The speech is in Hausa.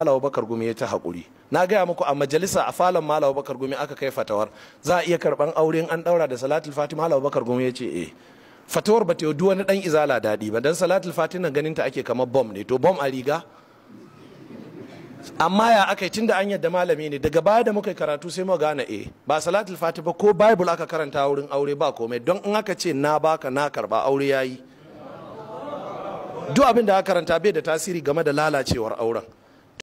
Malawa Bakar Gumi ya ta haƙuri. Na gaya muku a majalisa a falon Malawa Bakar Gumi aka kai fatawar. Za a iya karɓan auren an ɗaura da Salatul Fati Malawa Bakar Gumi ya ce eh. Fatawar ba ta yi wani ɗan izala daɗi ba don Salatul Fati nan ganin ta ake kamar bom ne to bom a riga. Amma ya aka yi tunda an yadda malami ne daga baya da muka karatu sai mu gane eh ba Salatul Fati ba ko Bible aka karanta wurin aure ba komai don in aka ce na baka na karɓa aure yayi. Duk abin da aka karanta bai da tasiri game da lalacewar auren.